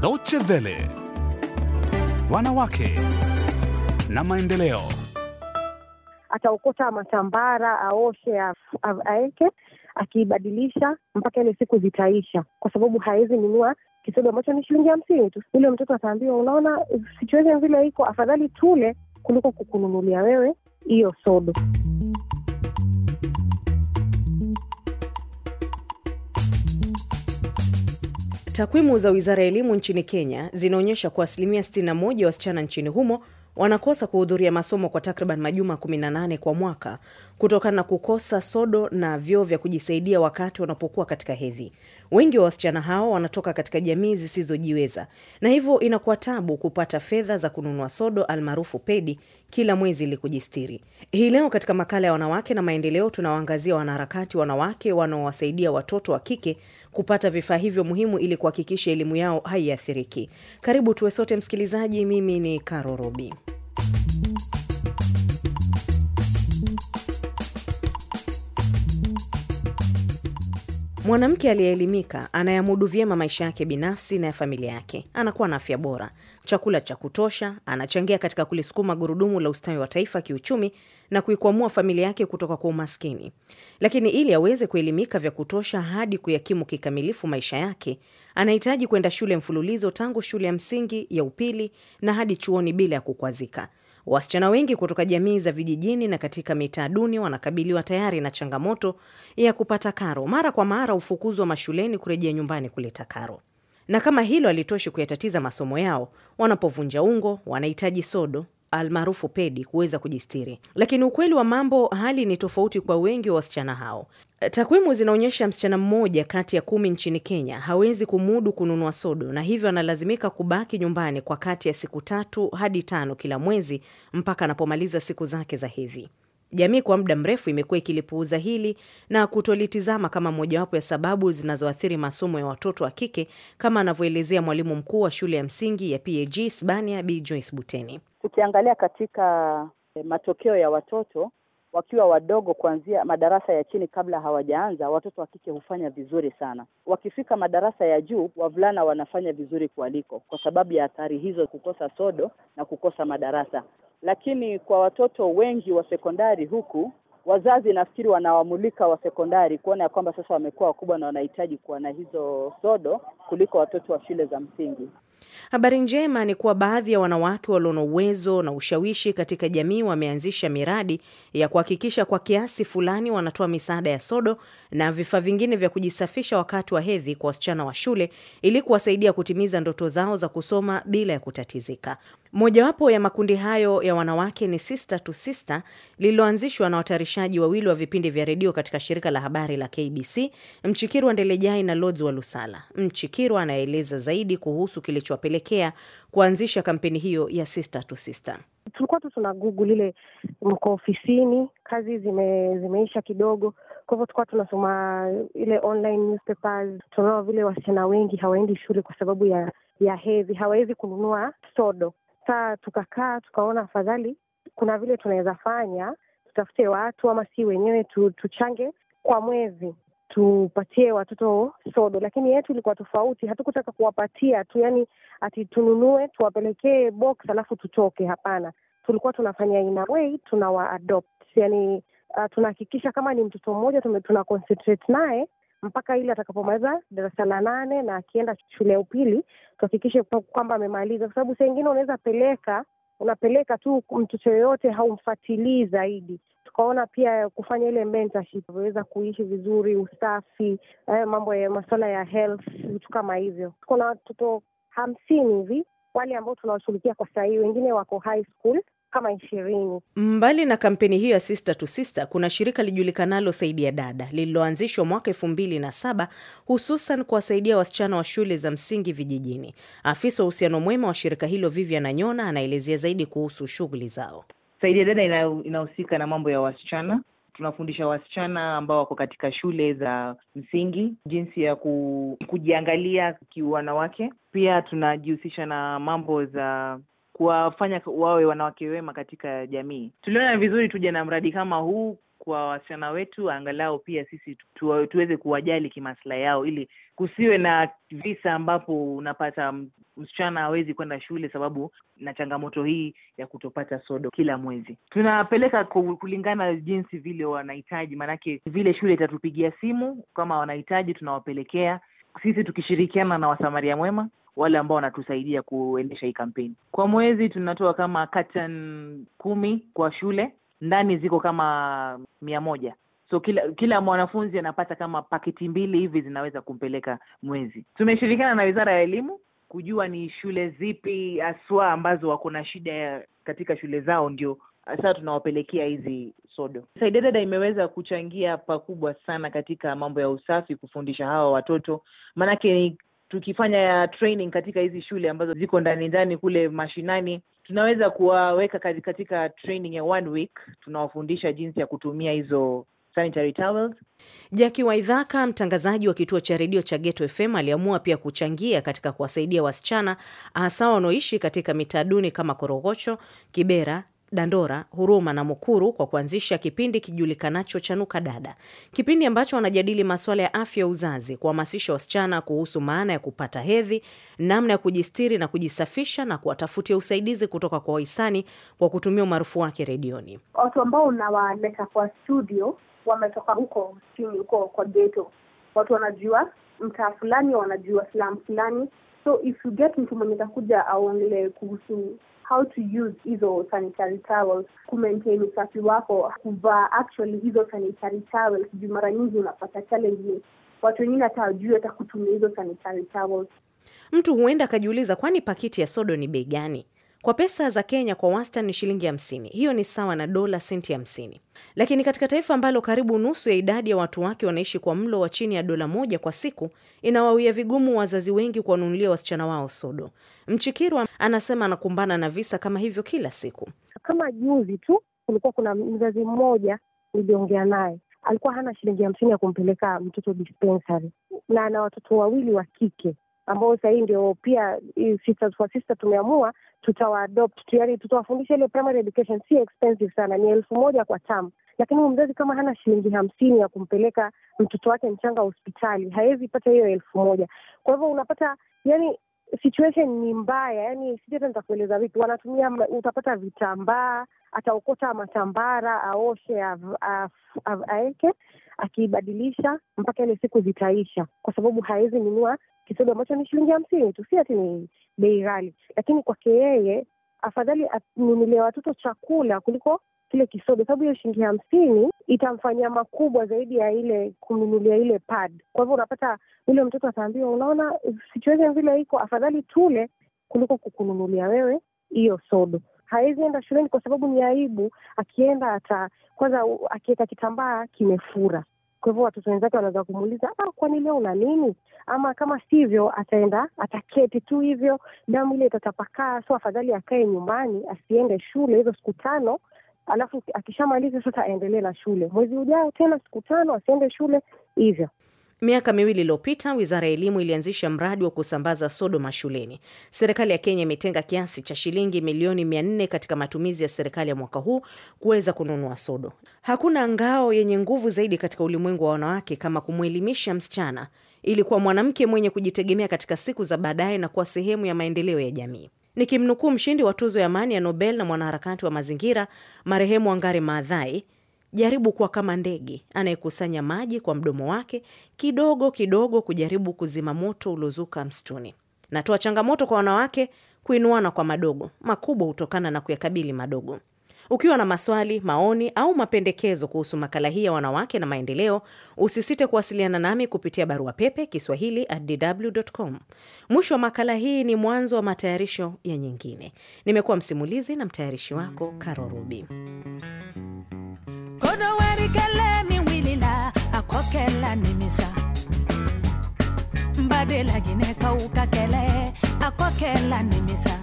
Deutsche Welle, wanawake na maendeleo. Ataokota matambara, aoshe, aeke, akiibadilisha mpaka ile siku zitaisha, kwa sababu hawezi nunua kisodo ambacho ni shilingi hamsini tu. Yule mtoto ataambiwa, unaona situation vile iko, afadhali tule kuliko kukununulia wewe hiyo sodo. Takwimu za wizara ya elimu nchini Kenya zinaonyesha kuwa asilimia 61 wasichana nchini humo wanakosa kuhudhuria masomo kwa takriban majuma 18 kwa mwaka kutokana na kukosa sodo na vyoo vya kujisaidia wakati wanapokuwa katika hedhi. Wengi wa wasichana hao wanatoka katika jamii zisizojiweza na hivyo inakuwa tabu kupata fedha za kununua sodo almaarufu pedi kila mwezi ili kujistiri. Hii leo katika makala ya wanawake na maendeleo, tunawaangazia wanaharakati wanawake wanaowasaidia watoto wa kike kupata vifaa hivyo muhimu ili kuhakikisha elimu yao haiathiriki. Karibu tuwe sote msikilizaji, mimi ni karo Robi. Mwanamke aliyeelimika anayamudu vyema maisha yake binafsi na ya familia yake, anakuwa na afya bora, chakula cha kutosha, anachangia katika kulisukuma gurudumu la ustawi wa taifa kiuchumi na kuikwamua familia yake kutoka kwa umaskini. Lakini ili aweze kuelimika vya kutosha hadi kuyakimu kikamilifu maisha yake, anahitaji kwenda shule mfululizo tangu shule ya msingi, ya upili na hadi chuoni bila ya kukwazika. Wasichana wengi kutoka jamii za vijijini na katika mitaa duni wanakabiliwa tayari na changamoto ya kupata karo. Mara kwa mara hufukuzwa mashuleni kurejea nyumbani kuleta karo, na kama hilo alitoshi kuyatatiza masomo yao, wanapovunja ungo wanahitaji sodo, almaarufu pedi kuweza kujistiri, lakini ukweli wa mambo, hali ni tofauti kwa wengi wa wasichana hao. Takwimu zinaonyesha msichana mmoja kati ya kumi nchini Kenya hawezi kumudu kununua sodo na hivyo analazimika kubaki nyumbani kwa kati ya siku tatu hadi tano kila mwezi mpaka anapomaliza siku zake za hivi Jamii kwa muda mrefu imekuwa ikilipuuza hili na kutolitizama kama mojawapo ya sababu zinazoathiri masomo ya watoto wa kike, kama anavyoelezea mwalimu mkuu wa shule ya msingi ya PAG sbania Bi Joyce Buteni. Tukiangalia katika eh, matokeo ya watoto wakiwa wadogo kuanzia madarasa ya chini kabla hawajaanza, watoto wa kike hufanya vizuri sana. Wakifika madarasa ya juu, wavulana wanafanya vizuri kualiko, kwa sababu ya athari hizo, kukosa sodo na kukosa madarasa. Lakini kwa watoto wengi wa sekondari huku, wazazi nafikiri wanawamulika wa sekondari kuona ya kwamba sasa wamekuwa wakubwa na wanahitaji kuwa na hizo sodo kuliko watoto wa shule za msingi. Habari njema ni kuwa baadhi ya wanawake walio na uwezo na ushawishi katika jamii wameanzisha miradi ya kuhakikisha kwa kiasi fulani wanatoa misaada ya sodo na vifaa vingine vya kujisafisha wakati wa hedhi kwa wasichana wa shule ili kuwasaidia kutimiza ndoto zao za kusoma bila ya kutatizika. Mojawapo ya makundi hayo ya wanawake ni Sister to Sister lililoanzishwa na watayarishaji wawili wa vipindi vya redio katika shirika la habari la KBC, Mchikirwa Ndelejai na Lodz Lusala. Mchikirwa anaeleza zaidi kuhusu kilicho kilichowapelekea kuanzisha kampeni hiyo ya Sister to Sister. Tulikuwa tu tuna Google ile, mko ofisini, kazi zime, zimeisha kidogo, kwa hivyo tukuwa tunasoma ile online newspapers. Tunaona vile wasichana wengi hawaendi shule kwa sababu ya ya hedhi, hawawezi kununua sodo. Saa tukakaa tukaona afadhali kuna vile tunaweza fanya, tutafute watu ama si wenyewe tuchange kwa mwezi tupatie watoto sodo, lakini yetu ilikuwa tofauti. Hatukutaka kuwapatia tu, yani ati tununue tuwapelekee box alafu tutoke. Hapana, tulikuwa tunafanya ina way tunawa adopt, yani uh, ah, tunahakikisha kama ni mtoto mmoja tuna concentrate naye mpaka ile atakapomaliza darasa la nane na akienda shule ya upili, tuhakikishe kwamba amemaliza, kwa sababu saa ingine unaweza peleka unapeleka tu mtoto yoyote haumfatilii zaidi tukaona pia kufanya ile mentorship kuishi vizuri, usafi, eh, mambo ya masuala ya health, vitu kama hivyo. Kuna watoto hamsini hivi wale ambao tunawashughulikia kwa sahii, wengine wako high school kama ishirini. Mbali na kampeni hiyo ya Sister to Sister, kuna shirika lijulikanalo saidi ya Dada lililoanzishwa mwaka elfu mbili na saba hususan kuwasaidia wasichana wa shule za msingi vijijini. Afisa wa uhusiano mwema wa shirika hilo vivya na nyona anaelezea zaidi kuhusu shughuli zao. Saidia Dada inahusika na mambo ya wasichana. Tunafundisha wasichana ambao wako katika shule za msingi jinsi ya ku, kujiangalia kiwanawake. Pia tunajihusisha na mambo za kuwafanya wawe wanawake wema katika jamii. Tuliona vizuri tuje na mradi kama huu kwa wasichana wetu, angalau pia sisi tuweze kuwajali kimaslahi yao, ili kusiwe na visa ambapo unapata msichana hawezi kwenda shule sababu na changamoto hii ya kutopata sodo kila mwezi. Tunapeleka kulingana jinsi vile wanahitaji, maanake vile shule itatupigia simu kama wanahitaji, tunawapelekea sisi tukishirikiana na Wasamaria Mwema wale ambao wanatusaidia kuendesha hii kampeni. Kwa mwezi tunatoa kama katan kumi kwa shule, ndani ziko kama mia moja so kila kila mwanafunzi anapata kama paketi mbili hivi zinaweza kumpeleka mwezi. Tumeshirikiana na Wizara ya Elimu kujua ni shule zipi haswa ambazo wako na shida katika shule zao, ndio uh, sasa tunawapelekea hizi sodo. Saidadada imeweza kuchangia pakubwa sana katika mambo ya usafi, kufundisha hawa watoto, maanake ni tukifanya training katika hizi shule ambazo ziko ndani ndani kule mashinani, tunaweza kuwaweka katika training ya one week, tunawafundisha jinsi ya kutumia hizo sanitary towels. Jaki Waidhaka, mtangazaji wa kituo cha redio cha Geto FM, aliamua pia kuchangia katika kuwasaidia wasichana hasa wanaoishi katika mitaa duni kama Korogocho, Kibera, Dandora, Huruma na Mukuru kwa kuanzisha kipindi kijulikanacho Chanuka Dada, kipindi ambacho wanajadili masuala ya afya ya uzazi, kuhamasisha wasichana kuhusu maana ya kupata hedhi, namna ya kujistiri na kujisafisha, na kuwatafutia usaidizi kutoka kwa wahisani kwa kutumia umaarufu wake redioni. Watu ambao unawaleta kwa studio wametoka huko chini huko kwa geto, watu wanajua mtaa fulani, wanajua slam fulani. So if you get mtu mwenye takuja aongelee kuhusu how to use hizo sanitary towels, kumaintain usafi wako, kuvaa actually hizo sanitary towels juu mara nyingi unapata challenges, watu wengine hata kutumia hizo sanitary towels. Mtu huenda akajiuliza, kwani pakiti ya sodo ni bei gani? Kwa pesa za Kenya kwa wastani shilingi hamsini. Hiyo ni sawa na dola senti hamsini. Lakini katika taifa ambalo karibu nusu ya idadi ya watu wake wanaishi kwa mlo wa chini ya dola moja kwa siku, inawawia vigumu wazazi wengi kuwanunulia wasichana wao sodo. Mchikirwa anasema anakumbana na visa kama hivyo kila siku. Kama juzi tu kulikuwa kuna mzazi mmoja niliongea naye, alikuwa hana shilingi hamsini ya kumpeleka mtoto dispensary, na ana watoto wawili wa kike ambao sasa hii ndio pia sisters for sisters tumeamua tutawaadopt, yaani tutawafundisha ile primary education. Si expensive sana, ni elfu moja kwa term, lakini mzazi kama hana shilingi hamsini ya kumpeleka mtoto wake mchanga hospitali hawezi pata hiyo elfu moja. Kwa hivyo unapata yani situation ni mbaya, yani sijui hata nitakueleza vipi. Wanatumia, utapata vitambaa, ataokota matambara, aoshe, aweke, akibadilisha mpaka ile siku zitaisha, kwa sababu hawezi nunua kisodo ambacho ni shilingi hamsini tu, si ati ni bei ghali, lakini kwake yeye afadhali anunulia watoto chakula kuliko kile kisodo, sababu hiyo shilingi hamsini itamfanyia makubwa zaidi ya ile kumnunulia ile pad. Kwa hivyo unapata yule mtoto ataambiwa, unaona situation vile iko, afadhali tule kuliko kukununulia wewe hiyo sodo. Hawezi enda shuleni kwa sababu ni aibu. Akienda ata kwanza, akiweka kitambaa kimefura, kwa hivyo watoto wenzake wanaweza kumuuliza ah, kwani leo una nini? Ama kama sivyo, ataenda ataketi tu hivyo, damu ile itatapakaa. So afadhali akae nyumbani, asiende shule hizo siku tano, alafu akishamaliza sasa aendelee na shule. Mwezi ujao tena siku tano, asiende shule hivyo. Miaka miwili iliyopita, wizara ya elimu ilianzisha mradi wa kusambaza sodo mashuleni. Serikali ya Kenya imetenga kiasi cha shilingi milioni mia nne katika matumizi ya serikali ya mwaka huu kuweza kununua sodo. Hakuna ngao yenye nguvu zaidi katika ulimwengu wa wanawake kama kumwelimisha msichana ili kuwa mwanamke mwenye kujitegemea katika siku za baadaye na kuwa sehemu ya maendeleo ya jamii. Nikimnukuu mshindi wa tuzo ya amani ya Nobel na mwanaharakati wa mazingira marehemu Wangari Maathai Jaribu kuwa kama ndege anayekusanya maji kwa mdomo wake, kidogo kidogo, kujaribu kuzima moto uliozuka msituni. Natoa changamoto kwa wanawake kuinuana kwa madogo, makubwa hutokana na kuyakabili madogo. Ukiwa na maswali, maoni au mapendekezo kuhusu makala hii ya wanawake na maendeleo, usisite kuwasiliana nami kupitia barua pepe kiswahili dw.com. Mwisho wa makala hii ni mwanzo wa matayarisho ya nyingine. Nimekuwa msimulizi na mtayarishi wako Karo Rubi. kodowɛrikɛla min wulila a kɔ kɛla nimisa n badelagɛnɛkaw ka kɛlɛ a kɔ kɛla nimisa